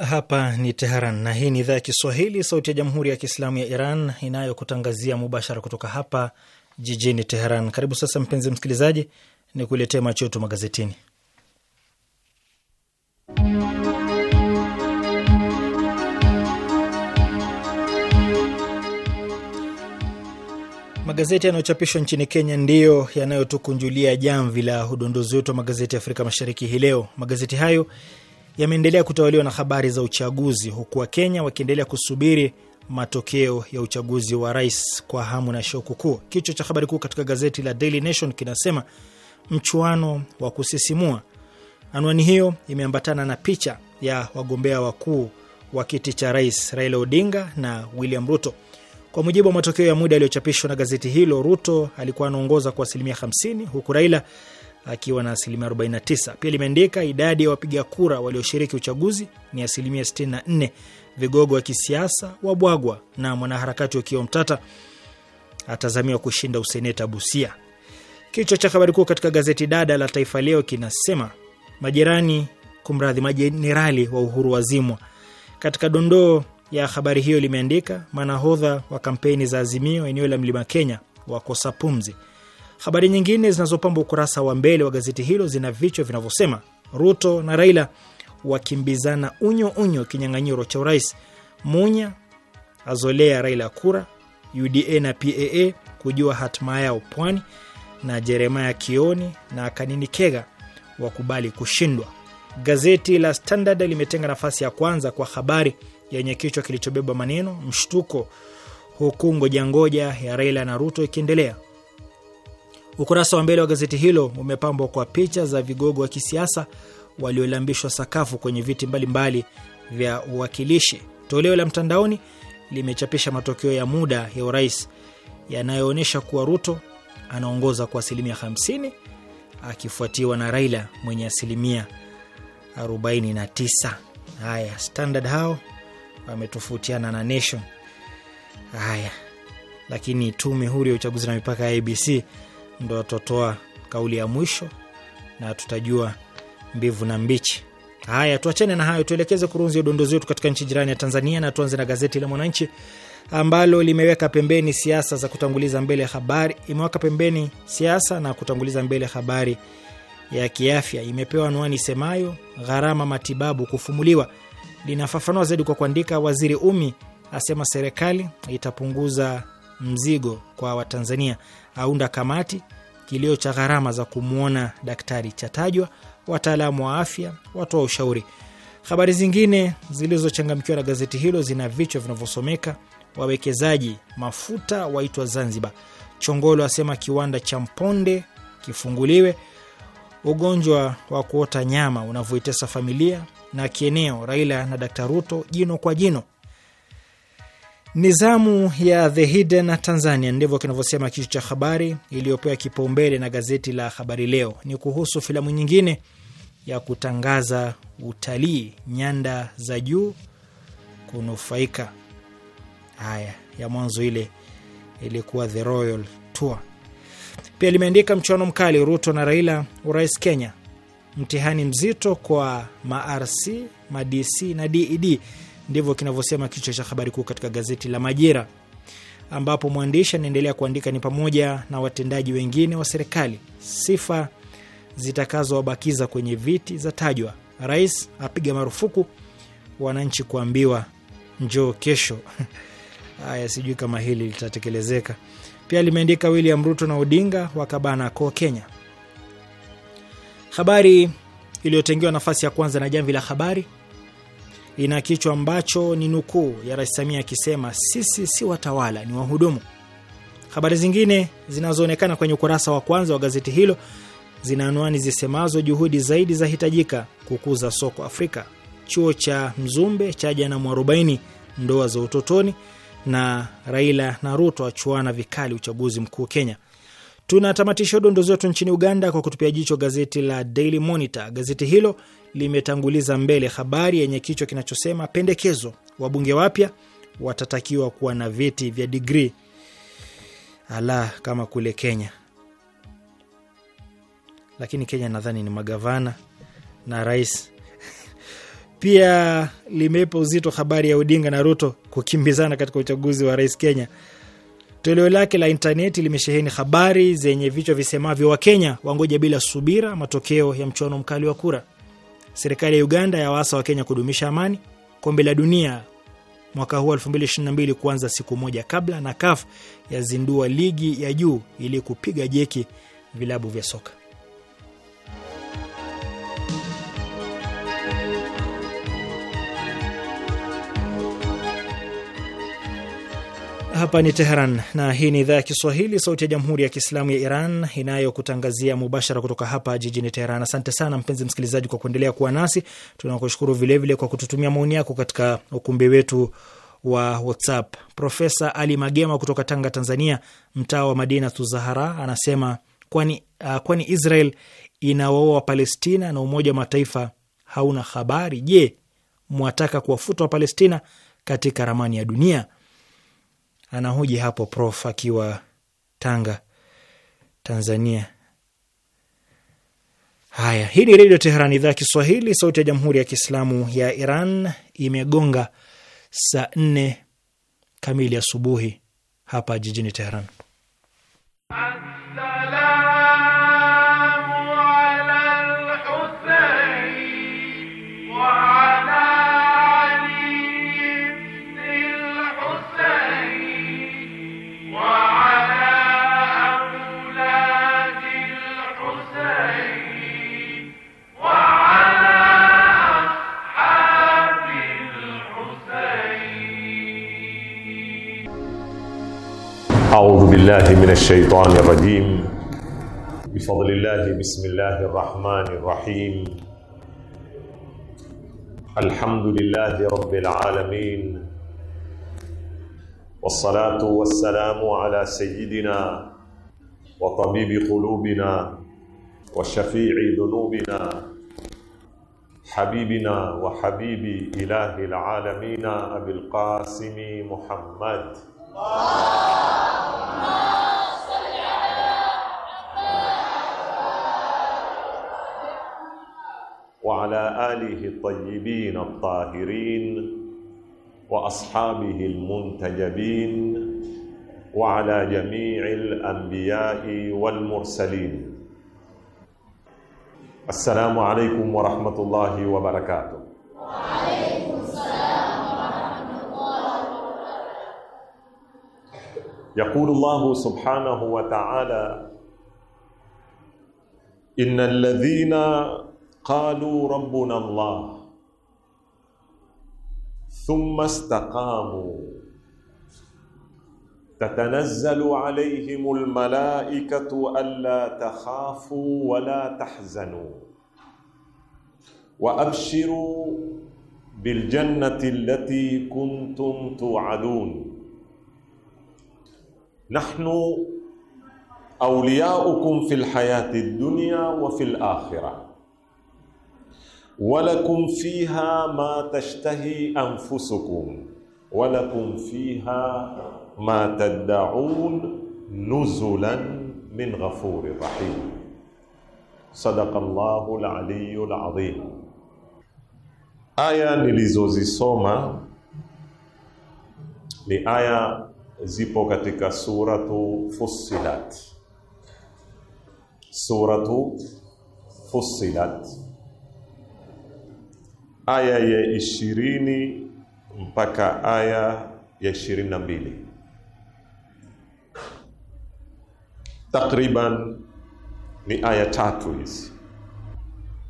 [SPEAKER 5] Hapa ni Teheran na hii ni idhaa ya Kiswahili, sauti ya jamhuri ya kiislamu ya Iran inayokutangazia mubashara kutoka hapa jijini Teheran. Karibu sasa, mpenzi msikilizaji, ni kuletea macho yetu magazetini. Magazeti yanayochapishwa nchini Kenya ndiyo yanayotukunjulia jamvi la udondozi wetu wa magazeti ya Afrika Mashariki hii leo. Magazeti hayo yameendelea kutawaliwa na habari za uchaguzi, huku Wakenya wakiendelea kusubiri matokeo ya uchaguzi wa rais kwa hamu na shauku kuu. Kichwa cha habari kuu katika gazeti la Daily Nation kinasema mchuano wa kusisimua. Anwani hiyo imeambatana na picha ya wagombea wakuu wa kiti cha rais Raila Odinga na William Ruto. Kwa mujibu wa matokeo ya muda yaliyochapishwa na gazeti hilo, Ruto alikuwa anaongoza kwa asilimia 50 huku Raila akiwa na asilimia 49. Pia limeandika idadi ya wapiga kura walioshiriki uchaguzi ni asilimia 64. Vigogo wa kisiasa wabwagwa na mwanaharakati wa Kio Mtata atazamiwa kushinda useneta Busia. Kichwa cha habari kuu katika gazeti dada la Taifa Leo kinasema majirani, kumradhi, majenerali wa uhuru wazimwa. Katika dondoo ya habari hiyo limeandika manahodha wa kampeni za Azimio eneo la mlima Kenya wakosa pumzi. Habari nyingine zinazopamba ukurasa wa mbele wa gazeti hilo zina vichwa vinavyosema Ruto na Raila wakimbizana unyo unyo kinyang'anyiro cha urais, Munya azolea Raila kura, UDA na PAA kujua hatima yao Pwani, na Jeremaya Kioni na Kanini Kega wakubali kushindwa. Gazeti la Standard limetenga nafasi ya kwanza kwa habari yenye kichwa kilichobeba maneno mshtuko, huku ngoja ya Raila na Ruto ikiendelea. Ukurasa wa mbele wa gazeti hilo umepambwa kwa picha za vigogo wa kisiasa waliolambishwa sakafu kwenye viti mbalimbali mbali vya uwakilishi. Toleo la mtandaoni limechapisha matokeo ya muda ya urais yanayoonyesha kuwa Ruto anaongoza kwa asilimia 50 akifuatiwa na Raila mwenye asilimia 49. Haya, Standard hao wametofautiana na Nation. Haya, lakini tume huru ya uchaguzi na mipaka ya ABC ndo atatoa kauli ya mwisho na tutajua mbivu na mbichi. Haya, tuachane na hayo, tuelekeze kurunzi ya udondozi wetu katika nchi jirani ya Tanzania, na tuanze na gazeti la Mwananchi ambalo limeweka pembeni siasa za kutanguliza mbele ya habari, imeweka pembeni siasa na kutanguliza mbele habari ya kiafya. Imepewa anwani semayo gharama matibabu kufumuliwa. Linafafanua zaidi kwa kuandika, waziri Umi asema serikali itapunguza mzigo kwa Watanzania, aunda kamati, kilio cha gharama za kumwona daktari chatajwa, wataalamu wa afya watoa ushauri. Habari zingine zilizochangamkiwa na gazeti hilo zina vichwa vinavyosomeka: wawekezaji mafuta waitwa Zanzibar, Chongolo asema kiwanda cha mponde kifunguliwe, ugonjwa wa kuota nyama unavyoitesa familia, na kieneo, Raila na Dkt Ruto jino kwa jino. Nizamu ya The Hidden Tanzania, ndivyo kinavyosema kichwa cha habari iliyopewa kipaumbele na gazeti la Habari Leo. Ni kuhusu filamu nyingine ya kutangaza utalii nyanda za juu kunufaika. Haya ya mwanzo ile ilikuwa The Royal Tour. Pia limeandika mchuano mkali Ruto na Raila urais Kenya, mtihani mzito kwa marc madc na DED e Ndivyo kinavyosema kichwa cha habari kuu katika gazeti la Majira, ambapo mwandishi anaendelea kuandika ni pamoja na watendaji wengine wa serikali, sifa zitakazowabakiza kwenye viti za tajwa, rais apiga marufuku wananchi kuambiwa njoo kesho. Haya, sijui kama hili litatekelezeka. Pia limeandika William Ruto na Odinga wakabana ko Kenya. Habari iliyotengewa nafasi ya kwanza na Jamvi la Habari ina kichwa ambacho ni nukuu ya Rais Samia akisema sisi si watawala, ni wahudumu. Habari zingine zinazoonekana kwenye ukurasa wa kwanza wa gazeti hilo zina anwani zisemazo juhudi zaidi zahitajika kukuza soko Afrika, chuo cha Mzumbe jana na mwarobaini ndoa za utotoni, na Raila na Ruto achuana vikali uchaguzi mkuu Kenya. Tunatamatisha udondozi wetu nchini Uganda kwa kutupia jicho gazeti la Daily Monitor. Gazeti hilo limetanguliza mbele habari yenye kichwa kinachosema pendekezo, wabunge wapya watatakiwa kuwa na vyeti vya digrii. Ala, kama kule Kenya, lakini Kenya nadhani ni magavana na rais pia. Limeipa uzito habari ya Odinga na Ruto kukimbizana katika uchaguzi wa rais Kenya. Toleo lake la intaneti limesheheni habari zenye vichwa visemavyo: Wakenya wangoja bila subira matokeo ya mchuano mkali wa kura, serikali ya Uganda yawaasa Wakenya kudumisha amani, kombe la dunia mwaka huu 2022 kuanza siku moja kabla, na CAF yazindua ligi ya juu ili kupiga jeki vilabu vya soka. Hapa ni Teheran na hii ni idhaa ya Kiswahili, sauti ya jamhuri ya kiislamu ya Iran inayokutangazia mubashara kutoka hapa jijini Teheran. Asante sana mpenzi msikilizaji kwa kuendelea kuwa nasi. Tunakushukuru vilevile kwa kututumia maoni yako katika ukumbi wetu wa WhatsApp. Profesa Ali Magema kutoka Tanga, Tanzania, mtaa wa Madina Tuzahara, anasema kwani, uh, kwani Israel inawaoa Wapalestina na Umoja wa Mataifa hauna habari? Je, mwataka kuwafuta Wapalestina katika ramani ya dunia? anahoji hapo Prof akiwa Tanga, Tanzania. Haya, hii ni Redio Teheran, idhaa ya Kiswahili, sauti ya Jamhuri ya Kiislamu ya Iran. Imegonga saa nne kamili asubuhi hapa jijini Teheran.
[SPEAKER 2] بالله من الشيطان الرجيم بفضل الله بسم الله الرحمن الرحيم الحمد لله رب العالمين والصلاة والسلام على سيدنا وطبيب قلوبنا وشفيع ذنوبنا حبيبنا وحبيب إله العالمين أبي القاسم محمد وعلى آله الطيبين الطاهرين وأصحابه المنتجبين وعلى جميع الأنبياء والمرسلين السلام عليكم ورحمة الله وبركاته
[SPEAKER 6] وعليكم السلام ورحمة الله وبركاته
[SPEAKER 2] يقول الله سبحانه وتعالى إن الذين قالوا ربنا الله ثم استقاموا تتنزل عليهم الملائكة ألا تخافوا ولا تحزنوا وأبشروا بالجنة التي كنتم توعدون نحن أولياؤكم في الحياة الدنيا وفي الآخرة ولكم فيها ما تشتهي أنفسكم ولكم فيها ما تدعون نزلا من غفور رحيم صدق الله العلي العظيم آية nilizozisoma ni aya zipo سورة فصلت سورة فصلت, fussilat aya ya ishirini mpaka aya ya ishirini na mbili takriban ni aya tatu hizi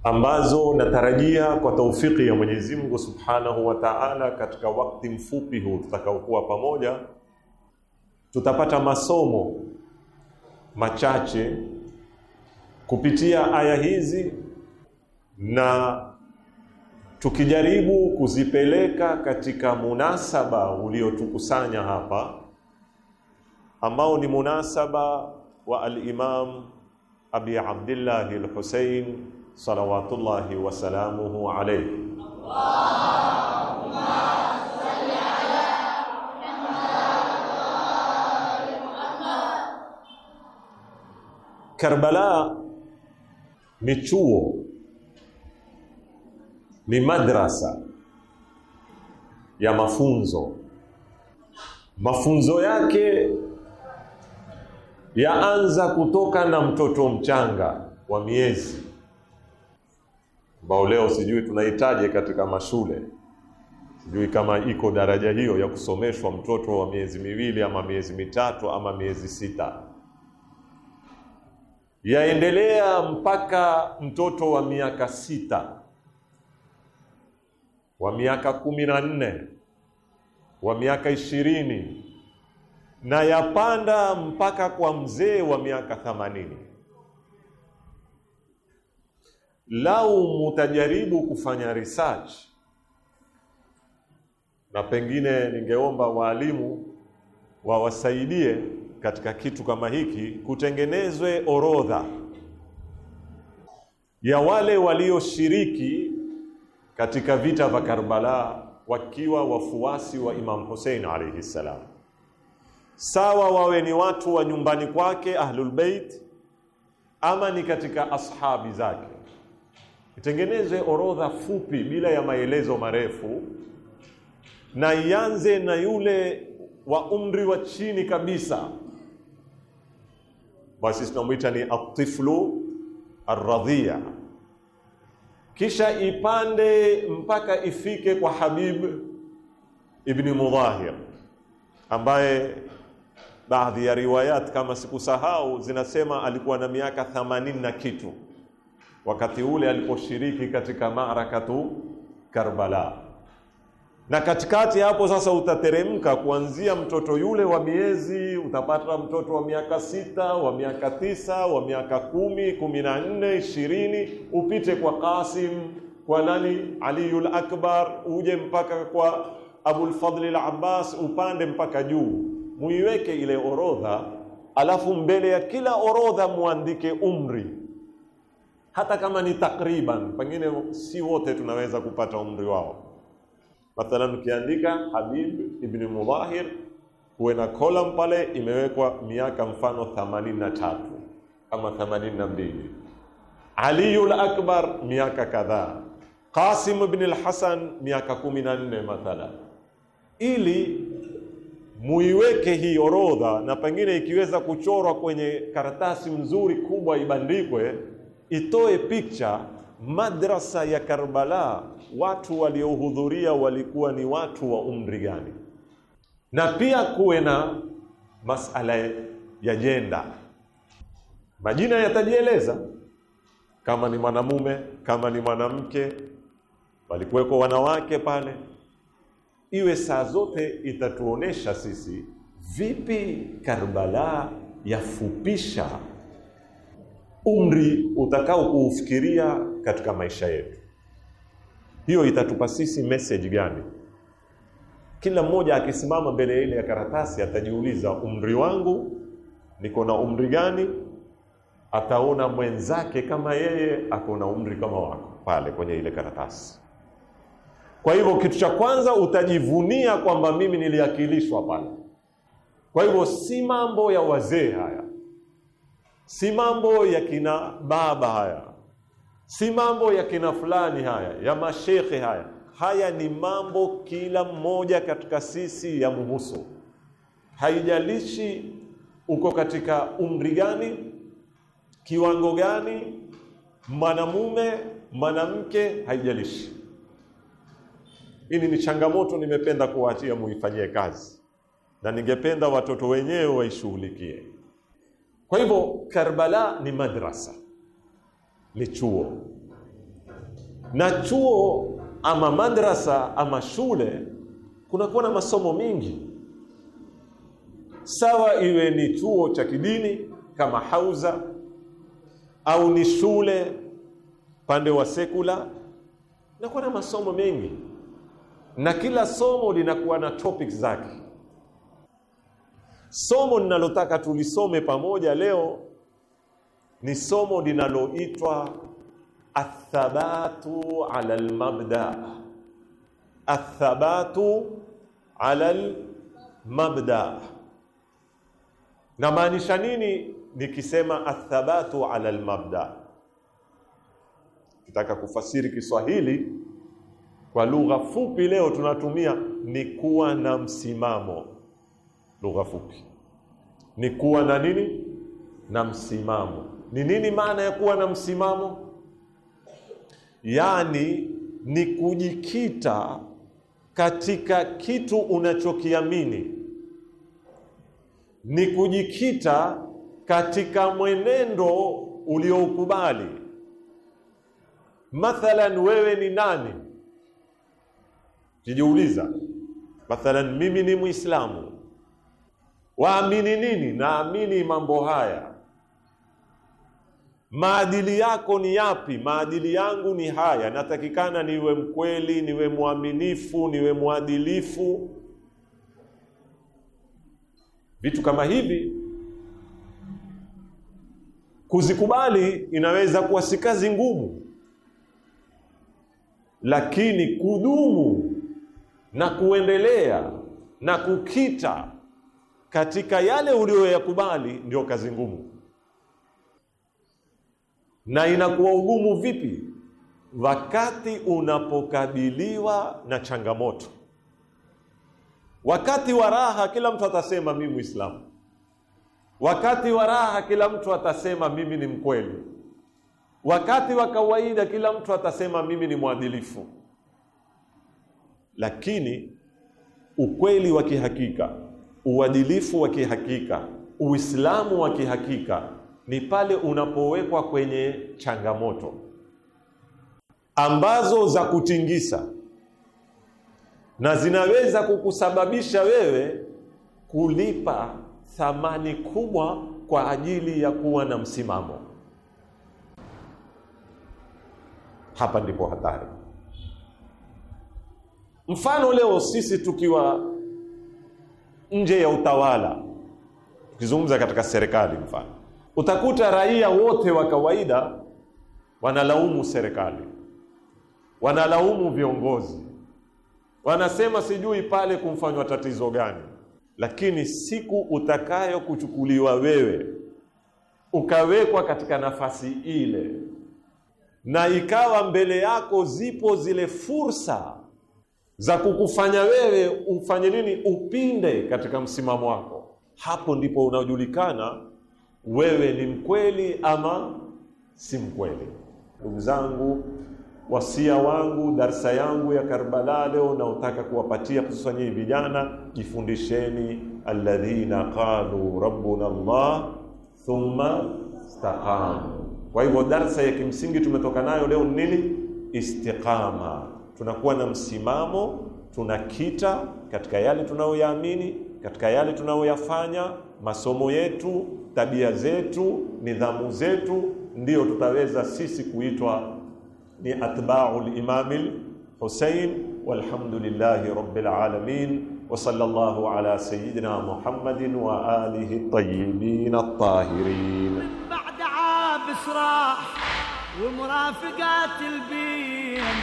[SPEAKER 2] ambazo natarajia kwa taufiki ya Mwenyezi Mungu Subhanahu wa Ta'ala, katika wakati mfupi huu tutakaokuwa pamoja, tutapata masomo machache kupitia aya hizi na tukijaribu kuzipeleka katika munasaba uliotukusanya hapa ambao ni munasaba wa al-Imam Abi Abdullah al-Husayn salawatullahi wa salamuhu alayhi. Allahumma salli ala Muhammad. Karbala ni chuo ni madrasa ya mafunzo. Mafunzo yake yaanza kutoka na mtoto mchanga wa miezi ambao leo sijui tunahitaji katika mashule, sijui kama iko daraja hiyo ya kusomeshwa mtoto wa miezi miwili ama miezi mitatu ama miezi sita, yaendelea mpaka mtoto wa miaka sita wa miaka kumi na nne wa miaka ishirini na yapanda mpaka kwa mzee wa miaka thamanini. Lau mutajaribu kufanya research, na pengine ningeomba waalimu wawasaidie katika kitu kama hiki, kutengenezwe orodha ya wale walioshiriki katika vita vya Karbala wakiwa wafuasi wa Imam Hussein alayhi salam, sawa wawe ni watu wa nyumbani kwake Ahlul Bait ama ni katika ashabi zake. Itengenezwe orodha fupi bila ya maelezo marefu, na ianze na yule wa umri wa chini kabisa, basi tunamwita ni atiflu arradhia kisha ipande mpaka ifike kwa Habib ibni Mudhahir ambaye baadhi ya riwayat kama sikusahau zinasema alikuwa na miaka 80 na kitu wakati ule aliposhiriki katika maarakatu Karbala na katikati hapo sasa utateremka kuanzia mtoto yule wa miezi, utapata mtoto wa miaka sita, wa miaka tisa, wa miaka kumi, kumi na nne, ishirini, upite kwa Qasim, kwa nani, Aliyul Akbar, uje mpaka kwa Abulfadli Al-Abbas, upande mpaka juu. Muiweke ile orodha, alafu mbele ya kila orodha muandike umri, hata kama ni takriban, pengine si wote tunaweza kupata umri wao Mathalan, ukiandika Habib ibn Mudhahir huwe na column pale imewekwa miaka mfano 83 ama 82, Aliul Akbar miaka kadhaa, Qasim ibn al-Hasan miaka 14 mathalan, ili muiweke hii orodha, na pengine ikiweza kuchorwa kwenye karatasi mzuri kubwa ibandikwe, itoe picha madrasa ya Karbala watu waliohudhuria walikuwa ni watu wa umri gani, na pia kuwe na masala ya jenda. Majina yatajieleza kama ni mwanamume, kama ni mwanamke, walikuweko wanawake pale. Iwe saa zote itatuonesha sisi vipi Karbala yafupisha umri utakao kuufikiria katika maisha yetu hiyo itatupa sisi message gani kila mmoja akisimama mbele ile ya karatasi atajiuliza umri wangu niko na umri gani ataona mwenzake kama yeye ako na umri kama wako pale kwenye ile karatasi kwa hivyo kitu cha kwanza utajivunia kwamba mimi niliakilishwa pale kwa hivyo si mambo ya wazee haya si mambo ya kina baba haya si mambo ya kina fulani haya ya mashekhe haya haya ni mambo kila mmoja katika sisi ya mhuso, haijalishi uko katika umri gani kiwango gani mwanamume mwanamke haijalishi hili ni changamoto nimependa kuwaachia muifanyie kazi na ningependa watoto wenyewe waishughulikie kwa hivyo Karbala ni madrasa ni chuo, na chuo ama madrasa ama shule kunakuwa na masomo mingi, sawa iwe ni chuo cha kidini kama hauza au ni shule pande wa sekula, nakuwa na masomo mengi na kila somo linakuwa na topics zake. Somo ninalotaka tulisome pamoja leo ni somo linaloitwa athabatu ala almabda, athabatu ala almabda. Na maanisha nini nikisema athabatu ala almabda? Kitaka kufasiri Kiswahili kwa lugha fupi, leo tunatumia ni kuwa na msimamo. Lugha fupi ni kuwa na nini? Na msimamo ni nini maana ya kuwa na msimamo? Yaani ni kujikita katika kitu unachokiamini, ni kujikita katika mwenendo ulioukubali. Mathalan, wewe ni nani? Jijiuliza, mathalan mimi ni Muislamu, waamini nini? Naamini mambo haya maadili yako ni yapi? Maadili yangu ni haya, natakikana niwe mkweli, niwe mwaminifu, niwe mwadilifu, vitu kama hivi. Kuzikubali inaweza kuwa si kazi ngumu, lakini kudumu na kuendelea na kukita katika yale uliyoyakubali ndio kazi ngumu na inakuwa ugumu vipi? Wakati unapokabiliwa na changamoto. Wakati wa raha kila mtu atasema mimi Muislamu, wakati wa raha kila mtu atasema mimi ni mkweli, wakati wa kawaida kila mtu atasema mimi ni mwadilifu. Lakini ukweli wa kihakika, uadilifu wa kihakika, Uislamu wa kihakika ni pale unapowekwa kwenye changamoto ambazo za kutingisa
[SPEAKER 1] na zinaweza
[SPEAKER 2] kukusababisha wewe kulipa thamani kubwa kwa ajili ya kuwa na msimamo. Hapa ndipo hatari. Mfano, leo sisi tukiwa nje ya utawala, tukizungumza katika serikali, mfano Utakuta raia wote wa kawaida wanalaumu serikali, wanalaumu viongozi, wanasema sijui pale kumfanywa tatizo gani. Lakini siku utakayokuchukuliwa wewe ukawekwa katika nafasi ile, na ikawa mbele yako zipo zile fursa za kukufanya wewe ufanye nini, upinde katika msimamo wako, hapo ndipo unajulikana wewe ni mkweli ama si mkweli. Ndugu zangu, wasia wangu, darsa yangu ya Karbala leo naotaka kuwapatia hususan nyinyi vijana, jifundisheni alladhina qalu rabbuna Allah thumma istaqamu. Kwa hivyo darsa ya kimsingi tumetoka nayo leo ni nini? Istiqama. Tunakuwa na msimamo, tunakita katika yale tunayoyaamini, katika yale tunayoyafanya, masomo yetu tabia zetu, nidhamu zetu, ndio tutaweza sisi kuitwa ni atba'ul imamil Hussein. Walhamdulillahi rabbil alamin wa sallallahu ala sayyidina Muhammadin wa alihi at-tayyibin at-tahirin. Ba'da
[SPEAKER 6] بعد عابس راح ومرافقات
[SPEAKER 3] البين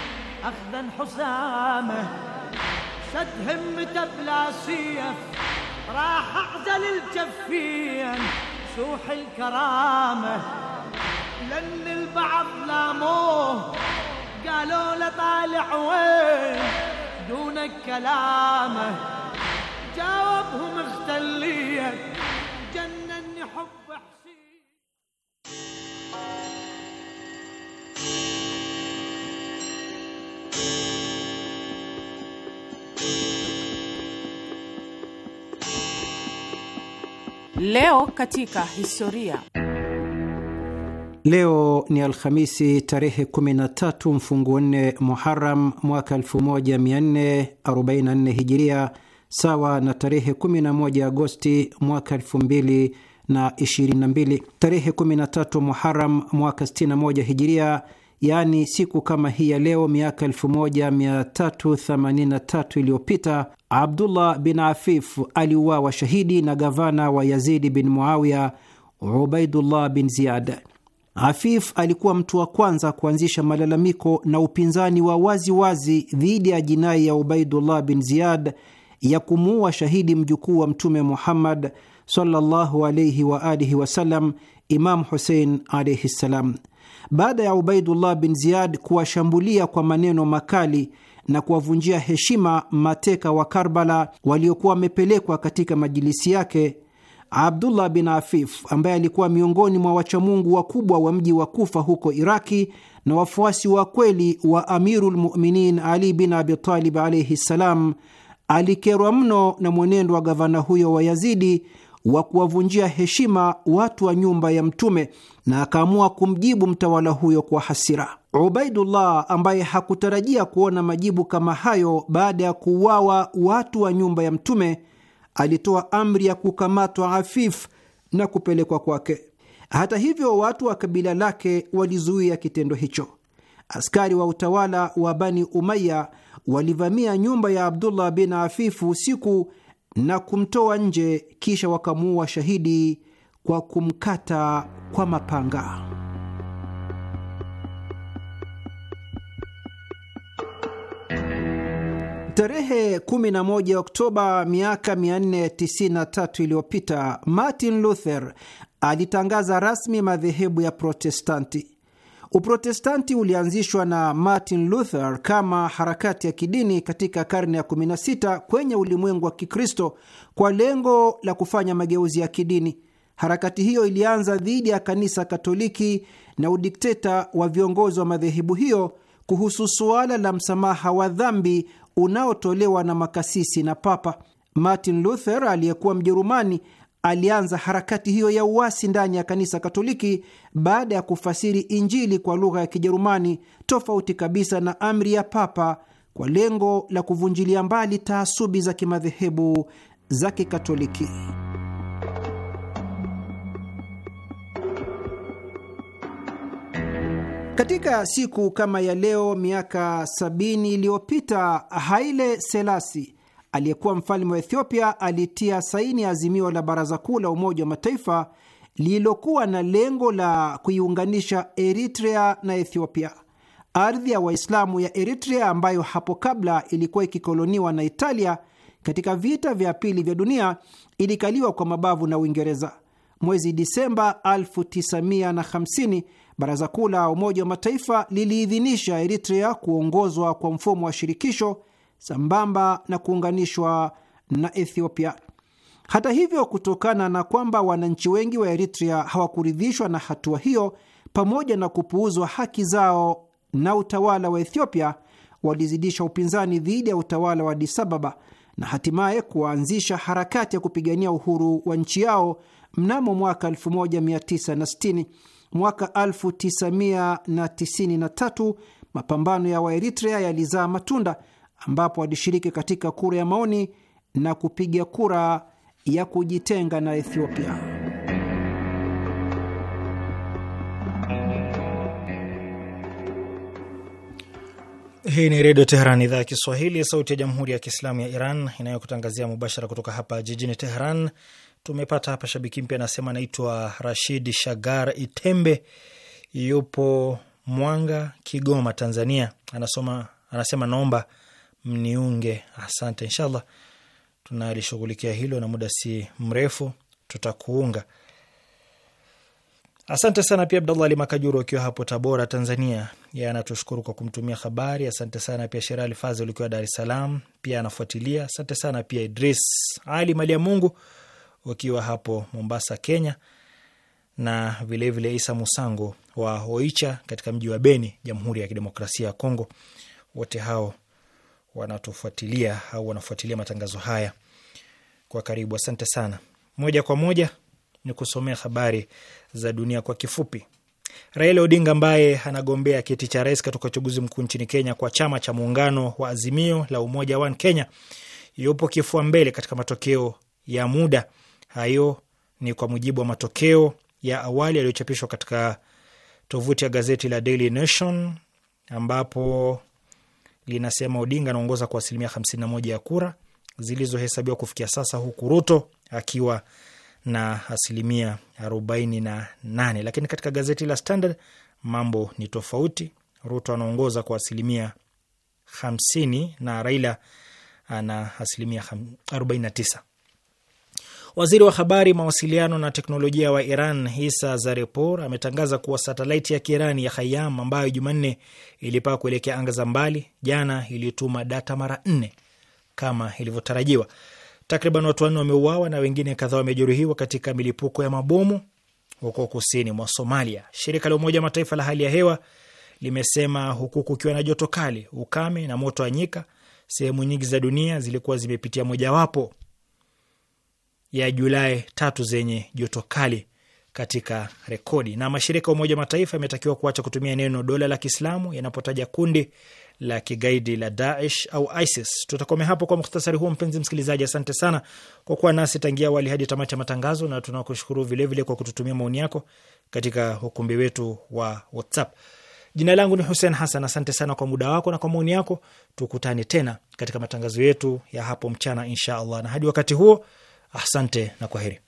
[SPEAKER 3] أخذا حسامه شد همته بلا سيف راح أعزل الجفين ممسوح الكرامة لأن البعض لاموه قالوا لطالع طالع وين دونك كلامه جاوبهم اختليت جنني حب حسين Leo katika
[SPEAKER 6] historia.
[SPEAKER 1] Leo ni Alhamisi tarehe 13 mfunguo nne Muharam mwaka 1444 Hijiria, sawa na tarehe 11 Agosti mwaka 22 Tarehe 13 Muharam mwaka 61 Hijiria yaani siku kama hii ya leo miaka 1383 iliyopita, Abdullah bin Afif aliuawa shahidi na gavana wa Yazidi bin Muawiya, Ubaidullah bin Ziyad. Afif alikuwa mtu wa kwanza kuanzisha malalamiko na upinzani wa wazi wazi dhidi ya jinai ya Ubaidullah bin Ziyad ya kumuua shahidi mjukuu wa Mtume Muhammad sallallahu alaihi wa alihi wasallam, Imam Husein alaihi ssalam baada ya Ubaidullah bin Ziyad kuwashambulia kwa maneno makali na kuwavunjia heshima mateka wa Karbala waliokuwa wamepelekwa katika majilisi yake. Abdullah bin Afif ambaye alikuwa miongoni mwa wachamungu wakubwa wa mji wa Kufa huko Iraki na wafuasi wa kweli wa amirulmuminin Ali bin Abitalib alaihi ssalam, alikerwa mno na mwenendo wa gavana huyo wa Yazidi wa kuwavunjia heshima watu wa nyumba ya Mtume, na akaamua kumjibu mtawala huyo kwa hasira. Ubaidullah ambaye hakutarajia kuona majibu kama hayo baada ya kuuawa watu wa nyumba ya Mtume, alitoa amri ya kukamatwa Afif na kupelekwa kwake. Hata hivyo, watu wa kabila lake walizuia kitendo hicho. Askari wa utawala wa Bani Umaya walivamia nyumba ya Abdullah bin Afifu usiku na kumtoa nje, kisha wakamuua shahidi kwa kumkata kwa mapanga. Tarehe 11 Oktoba miaka 493 iliyopita Martin Luther alitangaza rasmi madhehebu ya Protestanti. Uprotestanti ulianzishwa na Martin Luther kama harakati ya kidini katika karne ya 16 kwenye ulimwengu wa Kikristo kwa lengo la kufanya mageuzi ya kidini. Harakati hiyo ilianza dhidi ya kanisa Katoliki na udikteta wa viongozi wa madhehebu hiyo kuhusu suala la msamaha wa dhambi unaotolewa na makasisi na papa. Martin Luther aliyekuwa Mjerumani alianza harakati hiyo ya uasi ndani ya kanisa Katoliki baada ya kufasiri Injili kwa lugha ya Kijerumani, tofauti kabisa na amri ya Papa, kwa lengo la kuvunjilia mbali taasubi za kimadhehebu za Kikatoliki. Katika siku kama ya leo miaka sabini iliyopita Haile Selasi aliyekuwa mfalme wa Ethiopia alitia saini azimio la Baraza Kuu la Umoja wa Mataifa lililokuwa na lengo la kuiunganisha Eritrea na Ethiopia. Ardhi ya Waislamu ya Eritrea ambayo hapo kabla ilikuwa ikikoloniwa na Italia katika vita vya pili vya dunia ilikaliwa kwa mabavu na Uingereza. Mwezi Disemba 1950 Baraza Kuu la Umoja wa Mataifa liliidhinisha Eritrea kuongozwa kwa mfumo wa shirikisho sambamba na kuunganishwa na Ethiopia. Hata hivyo, kutokana na kwamba wananchi wengi wa Eritrea hawakuridhishwa na hatua hiyo, pamoja na kupuuzwa haki zao na utawala wa Ethiopia, walizidisha upinzani dhidi ya utawala wa Addis Ababa na hatimaye kuanzisha harakati ya kupigania uhuru wa nchi yao mnamo mwaka 1960. Mwaka 1993 mapambano ya Waeritrea yalizaa matunda ambapo walishiriki katika kura ya maoni na kupiga kura ya kujitenga na Ethiopia.
[SPEAKER 5] Hii ni Redio Teheran, idhaa ya Kiswahili, sauti ya Jamhuri ya Kiislamu ya Iran inayokutangazia mubashara kutoka hapa jijini Teheran. Tumepata hapa shabiki mpya, anasema anaitwa Rashid Shagar Itembe, yupo Mwanga, Kigoma, Tanzania. Anasoma, anasema naomba mniunge. Asante, inshallah tunalishughulikia hilo na muda si mrefu tutakuunga. Asante sana pia Abdallah Ali Makajuru akiwa hapo Tabora, Tanzania, yeye anatushukuru kwa kumtumia habari. Asante sana pia Sherali Fazil ukiwa Dar es Salaam, pia anafuatilia. Asante sana pia Idris Ali Mali ya Mungu ukiwa hapo Mombasa, Kenya, na vilevile vile Isa Musango wa Oicha katika mji wa Beni, Jamhuri ya Kidemokrasia ya Kongo. Wote hao wanatufuatilia au wanafuatilia matangazo haya kwa karibu. Asante sana. Moja kwa moja ni kusomea habari za dunia kwa kifupi. Raila Odinga ambaye anagombea kiti cha rais katika uchaguzi mkuu nchini Kenya kwa chama cha muungano wa Azimio la Umoja One Kenya yupo kifua mbele katika matokeo ya muda. Hayo ni kwa mujibu wa matokeo ya awali yaliyochapishwa katika tovuti ya gazeti la Daily Nation ambapo linasema Odinga anaongoza kwa asilimia 51 ya kura zilizohesabiwa kufikia sasa, huku Ruto akiwa na asilimia 48. Lakini katika gazeti la Standard mambo ni tofauti. Ruto anaongoza kwa asilimia 50 na Raila ana asilimia 49. Waziri wa habari, mawasiliano na teknolojia wa Iran Hisa Zarepor ametangaza kuwa satelaiti ya Kiirani ya Hayam ambayo Jumanne ilipaa kuelekea anga za mbali, jana ilituma data mara nne kama ilivyotarajiwa. Takriban watu wanne wameuawa na wengine kadhaa wamejeruhiwa katika milipuko ya mabomu huko kusini mwa Somalia. Shirika la Umoja Mataifa la hali ya hewa limesema huku kukiwa na joto kali, ukame na moto wa nyika, sehemu nyingi za dunia zilikuwa zimepitia mojawapo ya Julai tatu zenye joto kali katika rekodi. Na mashirika ya Umoja wa Mataifa yametakiwa kuacha kutumia neno dola la Kiislamu yanapotaja kundi la kigaidi la Daesh au ISIS. Tutakomea hapo kwa mukhtasari huo, mpenzi msikilizaji. Asante sana kwa kuwa nasi tangia awali hadi tamati ya matangazo, na tunakushukuru vilevile kwa kututumia maoni yako katika ukumbi wetu wa WhatsApp. Jina langu ni Hussein Hassan. Asante sana kwa muda wako na kwa maoni yako. Tukutane tena katika matangazo yetu ya hapo mchana, insha Allah, na hadi wakati huo Asante na kwa heri.